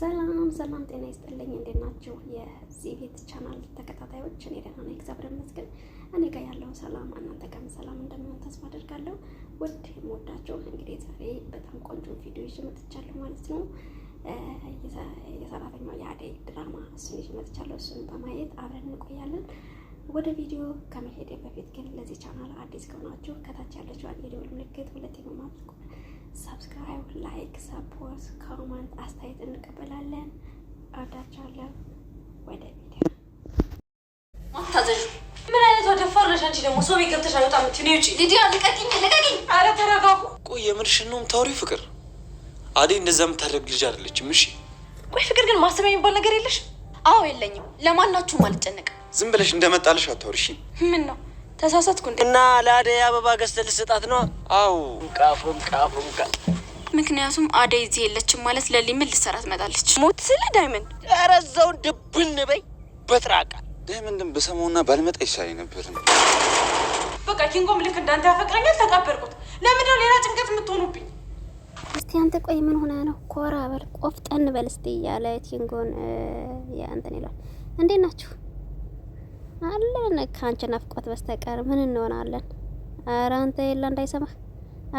ሰላም ሰላም፣ ጤና ይስጥልኝ። እንዴት ናችሁ የዚህ ቤት ቻናል ተከታታዮች? እኔ ደህና ነኝ እግዚአብሔር ይመስገን። እኔ ጋር ያለው ሰላም እናንተ ጋርም ሰላም እንደሚሆን ተስፋ አደርጋለሁ። ውድ የምወዳችሁ እንግዲህ ዛሬ በጣም ቆንጆ ቪዲዮ ይዤ መጥቻለሁ ማለት ነው። የሰራተኛው የአደይ ድራማ እሱን ይዤ መጥቻለሁ። እሱን በማየት አብረን እንቆያለን። ወደ ቪዲዮ ከመሄድ በፊት ግን ለዚህ ቻናል አዲስ ከሆናችሁ ከታች ያለችው የደወል ምልክት ሁለቴ ነው ማድረግ ሰብስክራይብ፣ ላይክ፣ ሰፖርት፣ ኮመንት አስተያየት እንቀበላለን። እወዳችኋለሁ። ወደ ቪዲዮ ምን አይነት ደፋር ነሽ አንቺ! ደግሞ ሰው ቤት ገብተሽ አልወጣም እምትይው ውጭ። ሊዲያ ልቀቂኝ፣ ልቀቂኝ! ኧረ ተረጋጉ። ቆይ የምርሽን ነው የምታወሪው? ፍቅር አዴ እንደዛ የምታደርግ ልጅ አይደለችም። እሺ ቆይ ፍቅር ግን ማሰቢያ የሚባል ነገር የለሽ? አዎ የለኝም። ለማናችሁም አልጨነቅም። ዝም ብለሽ እንደመጣልሽ አታወሪሽ። ምን ነው ተሳሳትኩ እንዴ? እና ለአደይ አበባ ገዝተህ ልትሰጣት ነው? አው ቃፉን ቃፉን ቃ ምክንያቱም አደይ እዚህ የለችም ማለት ለሊ ምን ልትሰራ ትመጣለች? ሞት ስለ ዳይመንድ ረዛውን ድብን በይ በጥራቃ ዳይመንድን በሰሞና ባልመጣ ይሻል ነበር። በቃ ኪንጎም ልክ እንዳንተ ያፈቅረኛል ተቀበልኩት። ለምንድነው ሌላ ጭንቀት የምትሆኑብኝ? እስቲ አንተ ቆይ ምን ሆነ ነው? ኮራ በል ቆፍጠን በል እስቲ እያለ ኪንጎን የአንተን ይሏል። እንዴት ናችሁ? አለን ከአንቺ ናፍቆት በስተቀር ምን እንሆናለን? ኧረ አንተ የለ እንዳይሰማህ።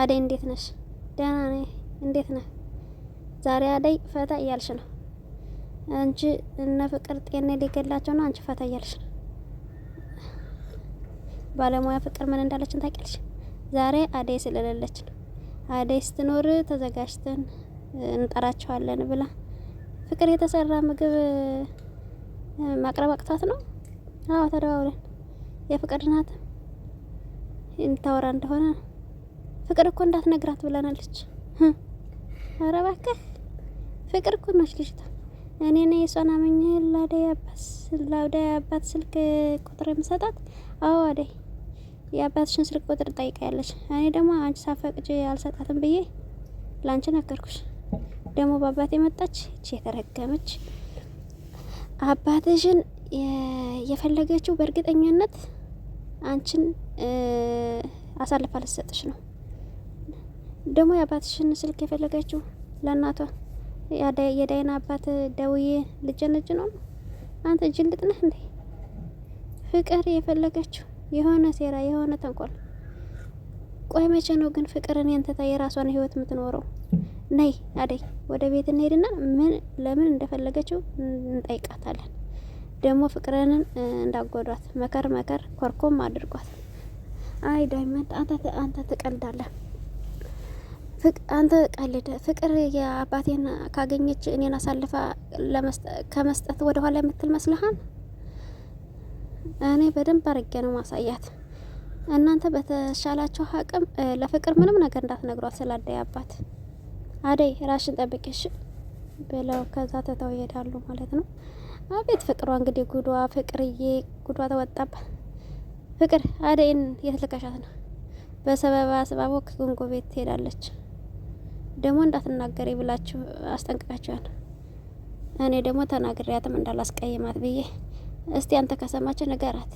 አደይ እንዴት ነሽ? ደህና ነኝ። እንዴት ነህ? ዛሬ አደይ ፈታ እያልሽ ነው አንቺ። እነ ፍቅር ጤና ሊገላቸው ነው፣ አንቺ ፈታ እያልሽ ነው። ባለሙያ ፍቅር ምን እንዳለችን ታውቂያለሽ? ዛሬ አደይ ስለሌለች ነው። አደይ ስትኖር ተዘጋጅተን እንጠራቸዋለን ብላ ፍቅር የተሰራ ምግብ ማቅረብ አቅቷት ነው አዎ ተደዋውለን የፍቅር ናት እንታወራ እንደሆነ ፍቅር እኮ እንዳትነግራት ብላናለች። ኧረ እባክህ ፍቅር እኮ ነች ልጅቷ። እኔ ነኝ የሷን አመኘ ለአደይ አባት ለአደይ አባት ስልክ ቁጥር የምሰጣት። አዎ አደይ የአባትሽን ስልክ ቁጥር ጠይቃያለች። እኔ ደግሞ አንቺ ሳፈቅጂ አልሰጣትም ብዬ ላንቺ ነገርኩሽ። ደግሞ በአባት የመጣች እቺ የተረገመች አባትሽን የፈለገችው በእርግጠኛነት አንቺን አሳልፋ ልትሰጥሽ ነው። ደግሞ የአባትሽን ስልክ የፈለገችው ለእናቷ የዳይና አባት ደውዬ ልጀነጅ ነው። አንተ ጅልጥ ነህ እንዴ? ፍቅር የፈለገችው የሆነ ሴራ፣ የሆነ ተንኮል። ቆይ መቼ ነው ግን ፍቅር እኔን ትታ የራሷን ህይወት የምትኖረው? ነይ አደይ፣ ወደ ቤት እንሄድና ምን ለምን እንደፈለገችው እንጠይቃታለን። ደግሞ ፍቅርንን እንዳጎዷት መከር መከር ኮርኮም አድርጓት። አይ ዳይመንድ አንተ ትቀልዳለህ፣ አንተ ቀልድ ፍቅር የአባቴን ካገኘች እኔን አሳልፋ ከመስጠት ወደ ኋላ የምትል መስልሃል? እኔ በደንብ አርጌ ነው ማሳያት። እናንተ በተሻላቸው አቅም ለፍቅር ምንም ነገር እንዳትነግሯት ስለ አደይ አባት። አደይ ራሽን ጠብቂሽ ብለው ከዛ ትተው ይሄዳሉ ማለት ነው። አቤት ፍቅሯ እንግዲህ ጉዷ ፍቅርዬ ጉዷ ተወጣባ። ፍቅር አደይን የት ነው? በሰበባ ሰባቦ ከጉንጎ ቤት ትሄዳለች። ደግሞ እንዳትናገሪ ብላችሁ አስጠንቅቃችኋል። እኔ ደግሞ ተናግሬያትም እንዳላስቀይማት ብዬ እስቲ አንተ ከሰማች ንገራት።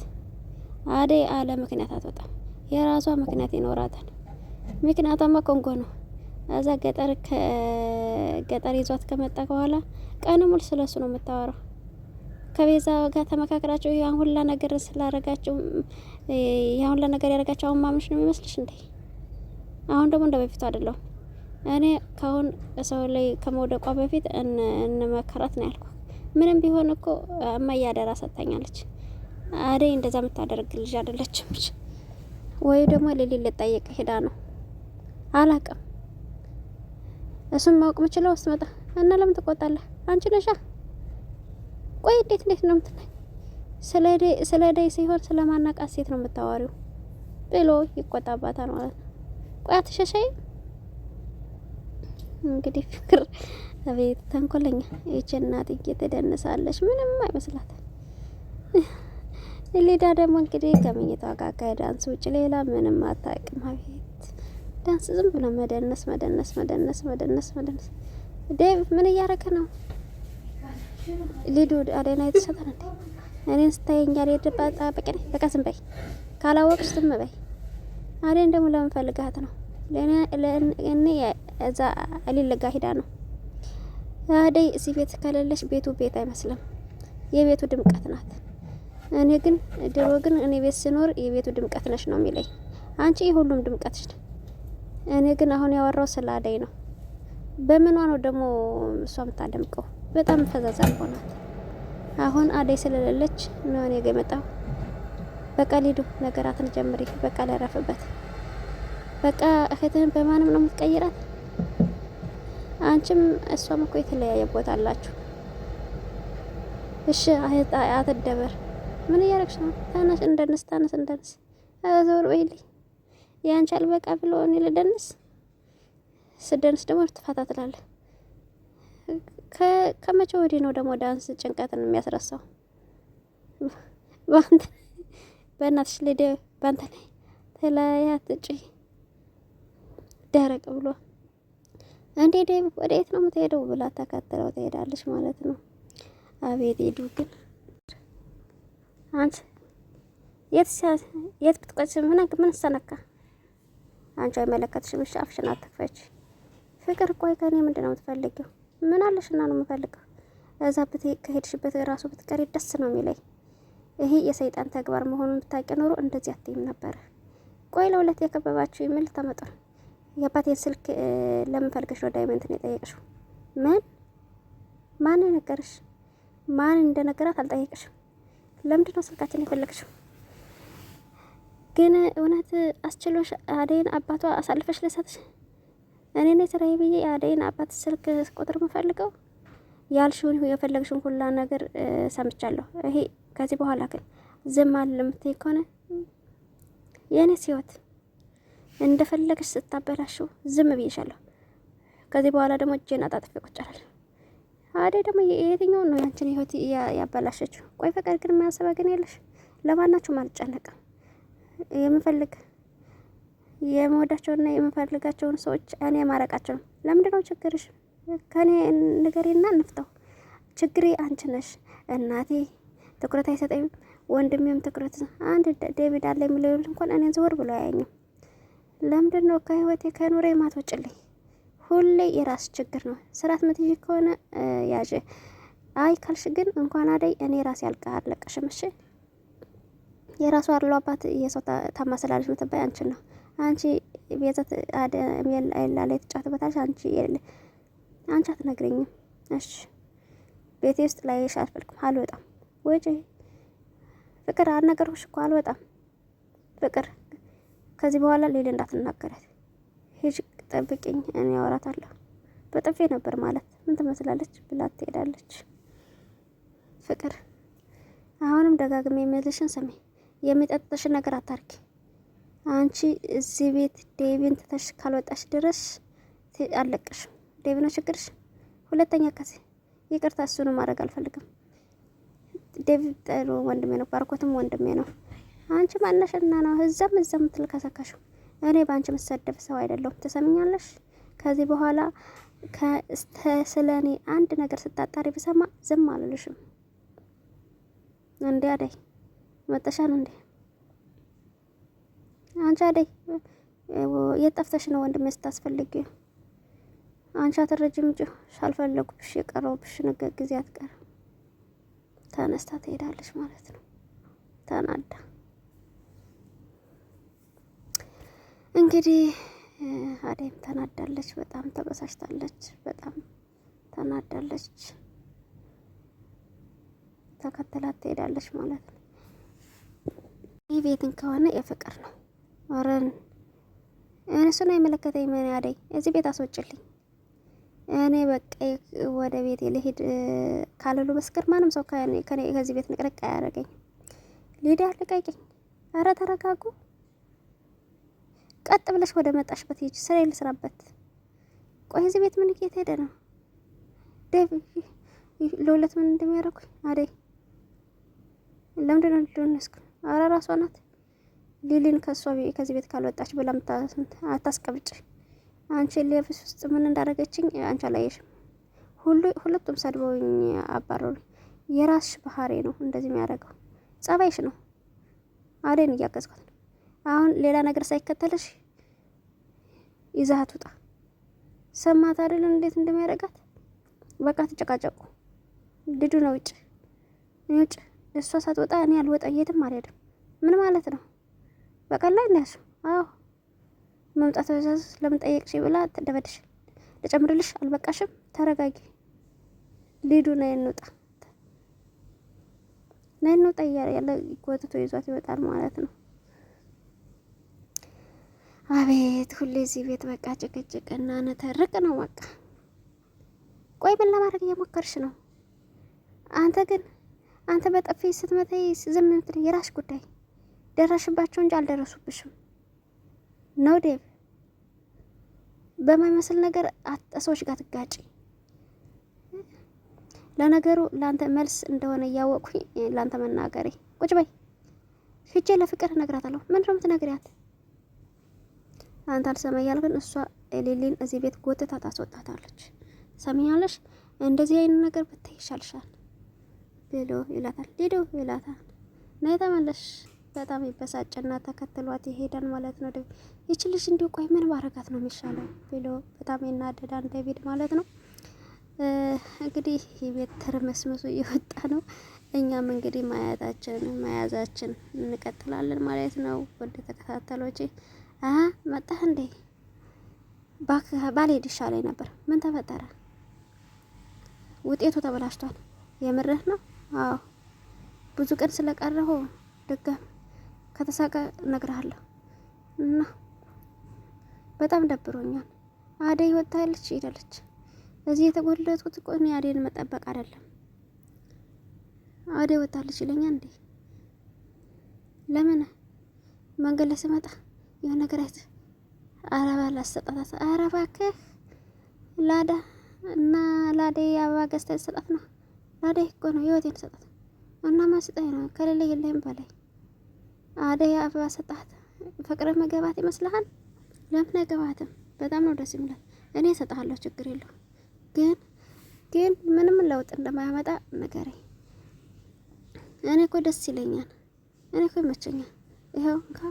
አደይ አለ ምክንያት አትወጣም። የራሷ ምክንያት ይኖራታል። ምክንያቷማ ኮንጎ ነው። እዛ ገጠር ገጠር ይዟት ከመጣ በኋላ ቀን ሙሉ ስለሱ ነው የምታወራው። ከቤዛ ጋር ተመካከራቸው ያን ሁላ ነገር ስላረጋቸው ያን ሁላ ነገር ያረጋቸው አሁን ነው የሚመስልሽ እንዴ? አሁን ደግሞ እንደ በፊቱ አይደለሁም። እኔ ካሁን ሰው ላይ ከመውደቋ በፊት እንመከራት ነው ያልኩ። ምንም ቢሆን እኮ እማዬ አደራ ሰጥታኛለች። አደይ እንደዛ የምታደርግ ልጅ አይደለችም። ወይ ደግሞ ሌሊ ልጠየቅ ሄዳ ነው አላቅም። እሱም ማወቅ ምችለው ስመጣ እና ለምን ትቆጣለህ? አንቺ ነሻ ቆይ እንዴት እንዴት ነው የምትለኝ? ስለ ዳይ ሲሆን ስለማናቃት ሴት ነው የምታዋሪው ብሎ ይቆጣባታል ማለት ነው። ቆይ አትሸሸይ እንግዲህ ፍቅር አቤት ተንኮለኛ ይቺ እናት እየተደንሳለች ምንም አይመስላትም። ሊዳ ደግሞ እንግዲህ ከመኝታ ጋር ከዳንስ ውጭ ሌላ ምንም አታውቅም። አቤት ዳንስ ዝም ብሎ መደነስ መደነስ መደነስ መደነስ መደነስ። ዴቭ ምን እያደረገ ነው? ሊዱ አደና የተሰጠን እንዴ? እኔን ስታየኝ አዴ ድባጣ በቀን በቃ ዝም በይ፣ ካላወቅሽ ዝም በይ። አዴን ደግሞ ለምን ፈልጋት ነው? ለእኔ እዛ ሊለጋ ሂዳ ነው። አደይ እዚህ ቤት ከሌለሽ ቤቱ ቤት አይመስልም። የቤቱ ድምቀት ናት። እኔ ግን ድሮ ግን እኔ ቤት ስኖር የቤቱ ድምቀት ነሽ ነው የሚለኝ። አንቺ የሁሉም ድምቀትሽ ነው። እኔ ግን አሁን ያወራው ስለ አደይ ነው። በምኗ ነው ደግሞ እሷ የምታደምቀው? በጣም ፈዛዛ ሆናት። አሁን አደይ ስለሌለች ነው እኔ ጋር የመጣው። በቃ ሊዱ ነገራትን ጀምሪ፣ በቃ ላረፍበት። በቃ እህትህን በማንም ነው የምትቀይራት? አንቺም እሷም እኮ የተለያየ ቦታ አላችሁ። እሺ አትደበር። ምን እያረግሽ ነው? ታናሽ እንደነስ ታናሽ እንደነስ አዘወር ወይልኝ ያንቺ አልበቃ ብሎ እኔ ልደንስ ስደንስ ደግሞ ትፋታ ትላለህ። ከመቼ ወዲህ ነው ደግሞ ዳንስ ጭንቀትን የሚያስረሳው? በእናትሽ ልደ በአንተ ላይ ተለያት ጭ ደረቅ ብሎ እንዴ ዴብ ወደየት ነው የምትሄደው ብላ ተከትለው ትሄዳለች ማለት ነው። አቤት ሄዱ ግን አንተ የት ብትቆጭ ምን ምን ሰነካ አንቺ አይመለከትሽም። አፍሽን አትክፈች ፍቅር። ቆይ ከኔ ምንድን ነው ምን አለሽና ነው የምፈልገው? እዛ ከሄድሽበት ራሱ ብትቀሪ ደስ ነው የሚለኝ። ይሄ የሰይጣን ተግባር መሆኑን ብታውቂ ኖሮ እንደዚህ አትይም ነበረ። ቆይ ለሁለት የከበባችሁ የሚል ተመጧል። የአባቴን ስልክ ለምን ፈልገሽ ወደ ዳይመንት ነው የጠየቅሽው? ምን ማን ነገርሽ? ማን እንደነገራት አልጠየቅሽም። ለምንድን ነው ስልካችን የፈለግሽው? ግን እውነት አስችሎሽ አደይን አባቷ አሳልፈሽ ለሰጥሽ እኔ ነኝ ስራዬ ብዬ የአደይን አባት ስልክ ቁጥር የምፈልገው ያልሽውን የፈለግሽውን ሁላ ነገር ሰምቻለሁ። ይሄ ከዚህ በኋላ ግን ዝም አለ ከሆነ የእኔስ ህይወት እንደፈለግሽ ስታበላሽው ዝም ብዬሻለሁ። ከዚህ በኋላ ደግሞ እጄን አጣጥፌ ቁጭ አደይ ደግሞ የትኛውን ነው ያንችን ህይወት ያበላሸችው? ቆይ ፈቀድ ግን ማያሰባ ግን የለሽ። ለማናችሁም አልጨነቅም የምፈልግ የምወዳቸውና የምፈልጋቸውን ሰዎች እኔ ማረቃቸው ነው። ነው ችግርሽ? ከኔ ንገሬና እንፍታው። ችግሬ አንቺ ነሽ። እናቴ ትኩረት አይሰጠኝም፣ ወንድሜም ትኩረት። አንድ ዴቪድ አለ የሚለው እንኳን እኔን ዘወር ብሎ አያኝም። ለምንድን ነው ከህይወቴ ከኑሬ ማትወጭልኝ? ሁሌ የራስ ችግር ነው። ስራት ምትይ ከሆነ ያዥ፣ አይ ካልሽ ግን እንኳን አደይ እኔ ራሴ ያልቀ አለቀሽም። እሺ የራሱ አርሎ አባት የሰው ታማስላለች ምትባይ አንቺን ነው አንቺ ቤተት የላ ላይ ትጫትበታለሽ። አንቺ አንቺ አትነግረኝም። እሺ ቤቴ ውስጥ ላይ አልፈልግም፣ አልወጣም። ወጪ ፍቅር አልነገርኩሽ እኮ አልወጣም። ፍቅር ከዚህ በኋላ ሌላ እንዳትናገረት። ሂጅ ጠብቂኝ፣ እኔ አወራታለሁ። በጥፌ ነበር ማለት ምን ትመስላለች ብላ ትሄዳለች። ፍቅር አሁንም ደጋግሜ የምልሽን ስሜ የሚጠጥሽን ነገር አታርጊ አንቺ እዚህ ቤት ዴቪን ትተሽ ካልወጣሽ ድረስ አለቅሽ። ዴቪ ነው ችግርሽ። ሁለተኛ ከሴ ይቅርታ፣ እሱን ማድረግ አልፈልግም። ዴቪ ጥሩ ወንድሜ ነው፣ ባርኮትም ወንድሜ ነው። አንቺ ማነሽና ነው እዛም እዛም የምትልከሰከሽው? እኔ በአንቺ የምትሰደብ ሰው አይደለሁም። ትሰምኛለሽ? ከዚህ በኋላ ስለ እኔ አንድ ነገር ስታጣሪ ብሰማ ዝም አልልሽም። እንዴ አደይ መጠሻል እንዴ አንቺ አደይ የጠፍተሽ ነው ወንድም ስታስፈልጊ? አንቺ አትረጅም እንጂ አልፈለጉብሽ የቀረውብሽ ነገ ጊዜ አትቀር ተነስታ ትሄዳለች ማለት ነው ተናዳ። እንግዲህ አደይም ተናዳለች፣ በጣም ተበሳጭታለች፣ በጣም ተናዳለች። ተከተላት ትሄዳለች ማለት ነው። ይህ ቤትን ከሆነ የፍቅር ነው አረን እነሱን አይመለከተኝ። ምን አደይ እዚህ ቤት አስወጭልኝ። እኔ በቃ ወደ ቤት ልሂድ ካለሉ በስከር ማንም ሰው ከኔ ከዚህ ቤት ንቅንቅ አያደርገኝ። ሊዳ ልቀቂኝ። አረ ተረጋጉ። ቀጥ ብለሽ ወደ መጣሽበት ሂጅ። ስራ ልስራበት። ቆይ እዚህ ቤት ምን እየት ሄደ ነው ደብ ለሁለት ምን እንደሚያደርጉኝ አደይ ለምንድነው ልሆነስኩ? አረ ራሷ ናት ሊሊን ከእሷ ከዚህ ቤት ካልወጣች ብላ አታስቀብጭ። አንቺ ሌብስ ውስጥ ምን እንዳደረገችኝ አንቺ አላየሽም። ሁለቱም ሰድበውኝ አባረሩ። የራስሽ ባህሪ ነው እንደዚህ የሚያደርገው ጸባይሽ ነው። አደን እያገዝኳት ነው። አሁን ሌላ ነገር ሳይከተልሽ ይዛሀት ውጣ። ሰማት አይደል? እንዴት እንደሚያደርጋት በቃ ትጨቃጨቁ። ልጁ ነው ውጭ ውጭ። እሷ ሳትወጣ እኔ አልወጣ የትም አልሄድም። ምን ማለት ነው? በቀን ላይ እነሱ አዎ መምጣት ትእዛዝ ለምን ጠየቅሽ ብላ ተደበድሽ። ልጨምርልሽ አልበቃሽም? ተረጋጊ። ሊዱ ነይ እንውጣ፣ ነይ እንውጣ እያለ ያለ ጎትቶ ይዟት ይወጣል ማለት ነው። አቤት ሁሌ እዚህ ቤት በቃ ጭቅጭቅ እና ነተርቅ ነው በቃ። ቆይ ምን ለማድረግ እየሞከርሽ ነው? አንተ ግን አንተ በጠፊ ስትመታይ ዝም የምትል የራስሽ ጉዳይ ደረሽባቸው እንጂ አልደረሱብሽም ነው ዴቭ። በማይመስል ነገር ሰዎች ጋር ትጋጭ። ለነገሩ ለአንተ መልስ እንደሆነ እያወቅኩኝ ለአንተ መናገሬ ቁጭ በይ። ሂጄ ለፍቅር እነግራታለሁ። ምን ነው የምትነግሪያት? አንተ አልሰማኝ ያልክን እሷ ሊሊን እዚህ ቤት ጎትታ ታስወጣታለች። ሰሚኛለሽ? እንደዚህ አይነት ነገር ብታይ ይሻልሻል ብሎ ይላታል። ሊዱ ይላታል። ነይ ተመለሽ በጣም ይበሳጭና ተከትሏት ይሄዳል ማለት ነው። ይች ልጅ እንዲሁ ቆይ ምን ማረጋት ነው የሚሻለው ብሎ በጣም ይናደዳል ዴቪድ ማለት ነው። እንግዲህ የቤት ትርምስምሱ እየወጣ ነው። እኛም እንግዲህ ማያታችን መያዛችን እንቀጥላለን ማለት ነው። ወደ ተከታተሎች አ መጣህ እንዴ ባልሄድ ይሻለኝ ነበር። ምን ተፈጠረ? ውጤቱ ተበላሽቷል። የምርህ ነው? አዎ ብዙ ቀን ስለቀረሁ ድጋሚ ከተሳቀ እነግርሃለሁ። እና በጣም ደብሮኛል። አደይ ወታለች ሄዳለች። እዚህ የተጎለጥኩት እኮ እኔ አደይን መጠበቅ አይደለም። አደይ ወታለች ይለኛል እንዴ? ለምን መንገድ ላይ ስመጣ የሆነ ነገር አይት አረባ ላሰጣታት። አረባ ከህ ላዳ እና ላደይ አበባ ገዝታ ሰጣት ነው ላደይ እኮ ነው ህይወቴን ሰጣት እና ማስጠኝ ነው ከሌለ የለህም በላይ አደይ አበባ ሰጣት። ፍቅር መገባት ይመስልሃል? ለምን አይገባትም? በጣም ነው ደስ የሚላት። እኔ እሰጥሃለሁ፣ ችግር የለው ግን ግን ምንም ለውጥ እንደማያመጣ ንገረኝ። እኔ እኮ ደስ ይለኛል፣ እኔ እኮ ይመቸኛል። ይኸው እንካ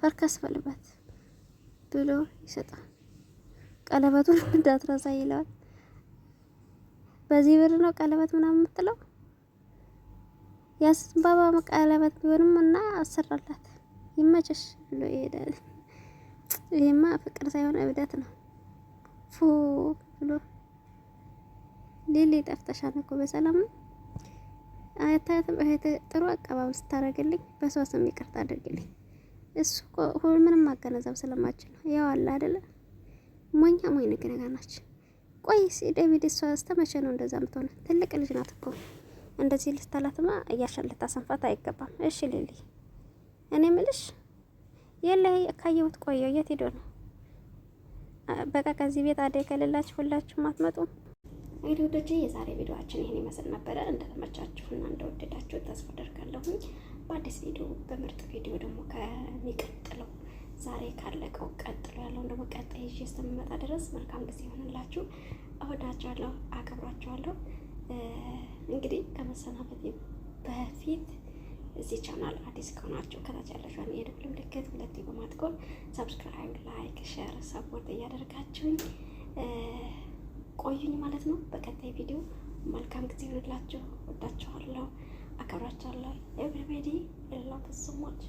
ፈርከስ ፈልበት ብሎ ይሰጣል። ቀለበቱን እንዳትረሳ ይለዋል። በዚህ ብር ነው ቀለበት ምናምን የምትለው የአበባ ቀለበት ቢሆንም እና አሰራላት ይመችሽ ብሎ ይሄዳል። ይሄማ ፍቅር ሳይሆን እብደት ነው። ፉ ብሎ ሌሌ ጠፍተሻል እኮ በሰላም ነው እህት ጥሩ አቀባበል ስታደርግልኝ በሰው ስም ይቅርታ አድርግልኝ። እሱ ሁሉ ምንም ማገናዘብ ስለማችል ነው። ያው አለ አይደለ ሞኛ ሞኝ ነገር ናች። ቆይ ሲ እሷ እስከ መቼ ነው እንደዛ ምትሆነ? ትልቅ ልጅ ናት እኮ እንደዚህ ልታላትማ እያሸለታ ሰንፋት አይገባም። እሺ ሌሊ፣ እኔ ምልሽ የለ ካየሁት ቆየው። የት ሄዶ ነው? በቃ ከዚህ ቤት አደይ ከሌላችሁ ሁላችሁም አትመጡም። እንግዲህ ውዶቼ የዛሬ ቪዲዮችን ይህን ይመስል ነበረ። እንደተመቻችሁና እንደወደዳችሁ ተስፋ አደርጋለሁኝ። በአዲስ ቪዲዮ በምርጥ ቪዲዮ ደግሞ ከሚቀጥለው ዛሬ ካለቀው ቀጥሎ ያለውን ደግሞ ቀጣይ ይዤ እስከምመጣ ድረስ መልካም ጊዜ ይሆንላችሁ። እወዳችኋለሁ፣ አከብራችኋለሁ። እንግዲህ ከመሰናበቴ በፊት እዚህ ቻናል አዲስ ከሆናችሁ ከታች ያለችውን የደወል ምልክት ሁለቴ በማጥቆር ሰብስክራይብ፣ ላይክ፣ ሼር፣ ሰፖርት እያደረጋችሁኝ ቆዩኝ ማለት ነው። በቀጣይ ቪዲዮ መልካም ጊዜ ይሁንላችሁ። ወዳችኋለሁ፣ አከብራችኋለሁ። ኤቭሪቤዲ ላቭ ሶ ማች